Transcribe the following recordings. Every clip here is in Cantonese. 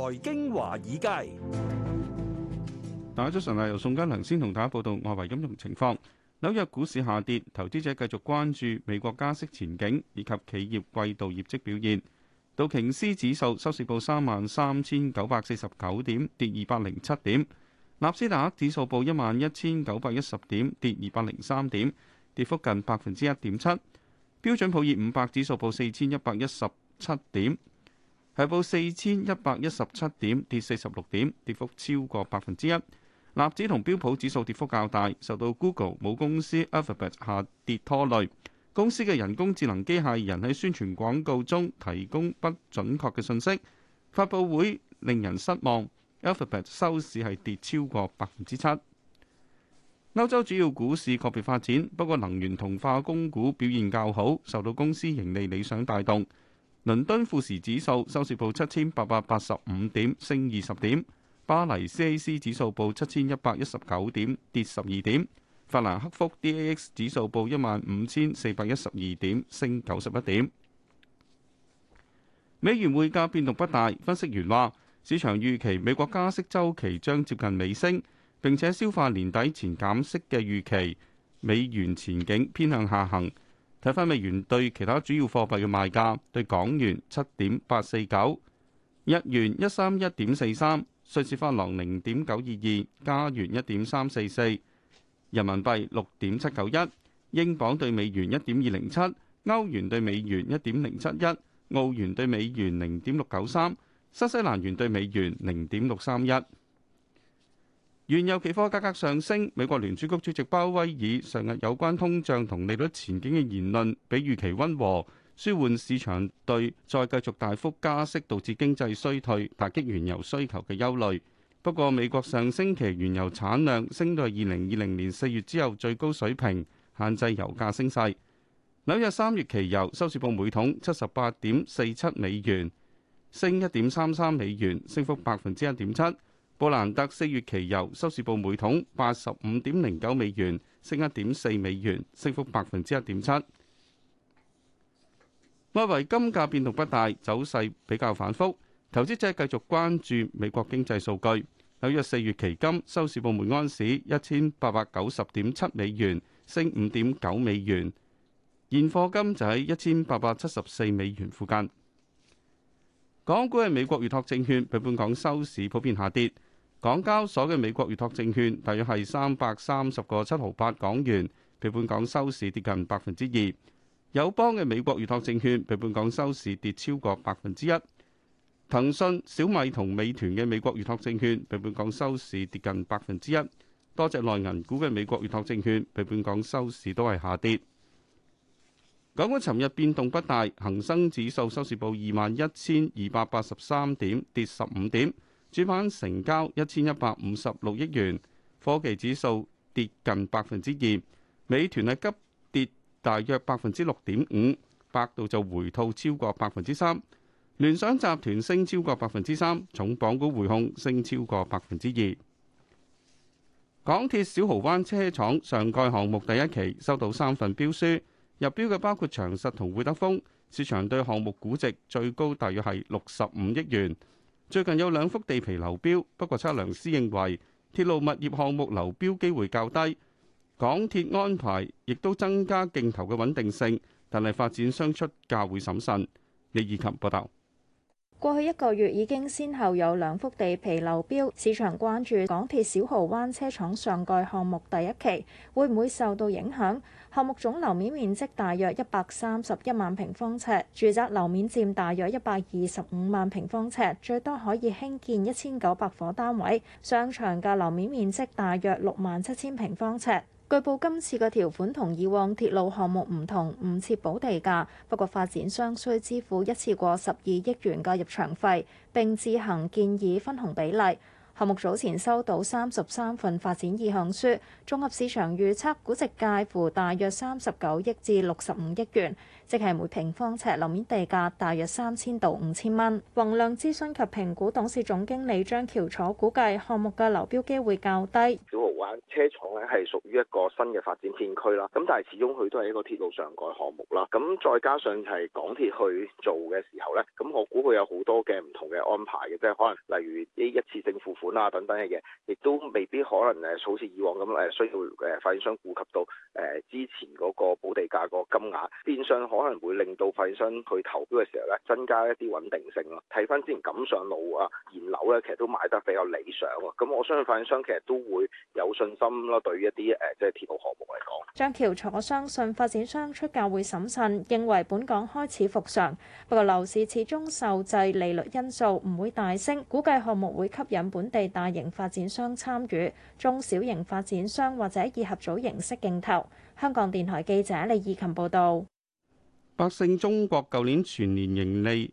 財經華爾街，大家早晨啊！由宋嘉良先同大家報道外圍金融情況。紐約股市下跌，投資者繼續關注美國加息前景以及企業季度業績表現。道瓊斯指數收市報三萬三千九百四十九點，跌二百零七點；納斯達克指數報一萬一千九百一十點，跌二百零三點，跌幅近百分之一點七。標準普爾五百指數報四千一百一十七點。報四千一百一十七點，跌四十六點，跌幅超過百分之一。納指同標普指數跌幅較大，受到 Google 母公司 Alphabet 下跌拖累。公司嘅人工智能機械人喺宣傳廣告中提供不準確嘅信息，發布會令人失望。Alphabet 收市係跌超過百分之七。歐洲主要股市個別發展，不過能源同化工股表現較好，受到公司盈利理想帶動。倫敦富時指數收市報七千八百八十五點，升二十點；巴黎 CAC 指數報七千一百一十九點，跌十二點；法蘭克福 DAX 指數報一萬五千四百一十二點，升九十一點。美元匯價變動不大，分析員話：市場預期美國加息週期將接近尾聲，並且消化年底前減息嘅預期，美元前景偏向下行。睇翻美元對其他主要貨幣嘅賣價，對港元七點八四九，日元一三一點四三，瑞士法郎零點九二二，加元一點三四四，人民幣六點七九一，英鎊對美元一點二零七，歐元對美元一點零七一，澳元對美元零點六九三，新西蘭元對美元零點六三一。原油期貨價格上升，美國聯儲局主席鮑威爾上日有關通脹同利率前景嘅言論比預期溫和，舒緩市場對再繼續大幅加息導致經濟衰退、打擊原油需求嘅憂慮。不過，美國上星期原油產量升到係二零二零年四月之後最高水平，限制油價升勢。紐約三月期油收市報每桶七十八點四七美元，升一點三三美元，升幅百分之一點七。布蘭德四月期油收市報每桶八十五點零九美元，升一點四美元，升幅百分之一點七。外圍金價變動不大，走勢比較反覆，投資者繼續關注美國經濟數據。紐約四月期金收市報每安士一千八百九十點七美元，升五點九美元，現貨金就喺一千八百七十四美元附近。港股係美國預託證券，比本港收市普遍下跌。港交所嘅美國預託證券，大約係三百三十個七毫八港元，比本港收市跌近百分之二。友邦嘅美國預託證券，比本港收市跌超過百分之一。騰訊、小米同美團嘅美國預託證券，比本港收市跌近百分之一。多隻內銀股嘅美國預託證券，比本港收市都係下跌。港股尋日變動不大，恒生指數收市報二萬一千二百八十三點，跌十五點。主板成交一千一百五十六億元，科技指數跌近百分之二，美團係急跌大約百分之六點五，百度就回吐超過百分之三，聯想集團升超過百分之三，重磅股匯控升超過百分之二。港鐵小蠔灣車廠上蓋項目第一期收到三份標書，入標嘅包括長實同匯德豐，市場對項目估值最高大約係六十五億元。最近有兩幅地皮流標，不過測量師認為鐵路物業項目流標機會較低。港鐵安排亦都增加競投嘅穩定性，但係發展商出價會審慎。李怡琴報道。過去一個月已經先後有兩幅地皮流標，市場關注港鐵小蠔灣車廠上蓋項目第一期會唔會受到影響？項目總樓面面積大約一百三十一萬平方尺，住宅樓面佔大約一百二十五萬平方尺，最多可以興建一千九百伙單位，商場嘅樓面面積大約六萬七千平方尺。據報今次嘅條款同以往鐵路項目唔同，唔設補地價，不過發展商需支付一次過十二億元嘅入場費，並自行建議分紅比例。項目早前收到三十三份發展意向書，綜合市場預測估值介乎大約三十九億至六十五億元，即係每平方尺樓面地價大約三千到五千蚊。宏亮諮詢及評估董，董事總經理張橋楚估計項目嘅流標機會較低。車廠咧係屬於一個新嘅發展片區啦，咁但係始終佢都係一個鐵路上蓋項目啦，咁再加上係港鐵去做嘅時候呢，咁我估佢有好多嘅唔同嘅安排嘅，即係可能例如啲一次性付款啊等等嘅嘢，亦都未必可能誒，好似以往咁誒需要嘅發展商顧及到誒、呃、之前嗰個補地價個金額，變相可能會令到發展商去投標嘅時候呢，增加一啲穩定性啊。睇翻之前錦上路啊、現樓咧，其實都賣得比較理想啊，咁我相信發展商其實都會有，信心咯，對於一啲誒即係鐵路項目嚟講，張橋楚相信發展商出價會審慎，認為本港開始復常，不過樓市始終受制利率因素，唔會大升。估計項目會吸引本地大型發展商參與，中小型發展商或者以合組形式競投。香港電台記者李義琴報道。百勝中國舊年全年盈利，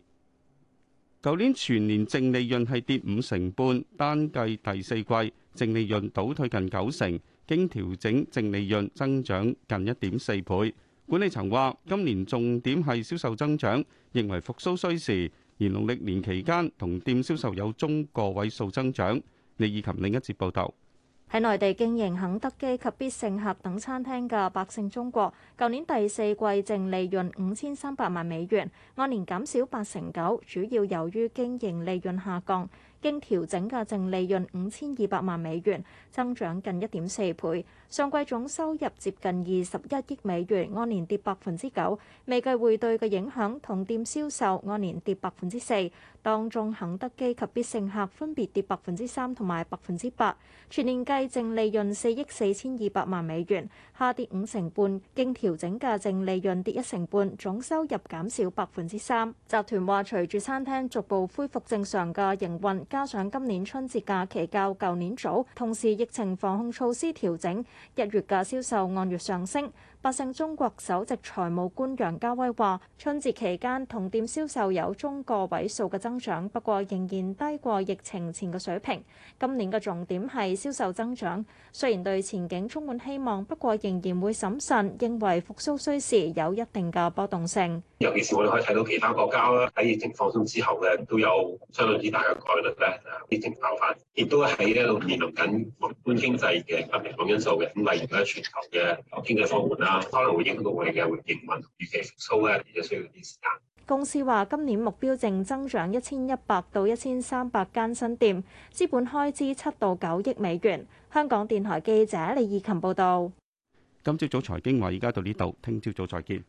舊年全年淨利潤係跌五成半，單計第四季。淨利潤倒退近九成，經調整淨利潤增長近一點四倍。管理層話今年重點係銷售增長，認為復蘇需時，而農曆年期間同店銷售有中個位數增長。李以琴另一節報道，喺內地經營肯德基及必勝客等餐廳嘅百勝中國，舊年第四季淨利潤五千三百萬美元，按年減少八成九，主要由於經營利潤下降。經調整嘅淨利潤五千二百萬美元，增長近一點四倍。上季總收入接近二十一億美元，按年跌百分之九。未計匯兌嘅影響，同店銷售按年跌百分之四。當中肯德基及必勝客分別跌百分之三同埋百分之八。全年計淨利潤四億四千二百萬美元，下跌五成半。經調整嘅淨利潤跌一成半，總收入減少百分之三。集團話，隨住餐廳逐步恢復正常嘅營運。加上今年春節假期較舊年早，同時疫情防控措施調整，一月嘅銷售按月上升。百勝中國首席財務官楊家威話：春節期間同店銷售有中個位數嘅增長，不過仍然低過疫情前嘅水平。今年嘅重點係銷售增長，雖然對前景充滿希望，不過仍然會審慎，認為復甦需時有一定嘅波動性。尤其是我哋可以睇到其他國家喺疫情放鬆之後咧，都有相對之大嘅概率咧啲疫情爆發，亦都喺度面臨緊宏觀經濟嘅不明朗因素嘅。咁例如咧，全球嘅經濟放緩啦。公司話今年目標淨增長一千一百到一千三百間新店，資本開支七到九億美元。香港電台記者李義琴報道。今朝早財經話，而家到呢度，聽朝早再見。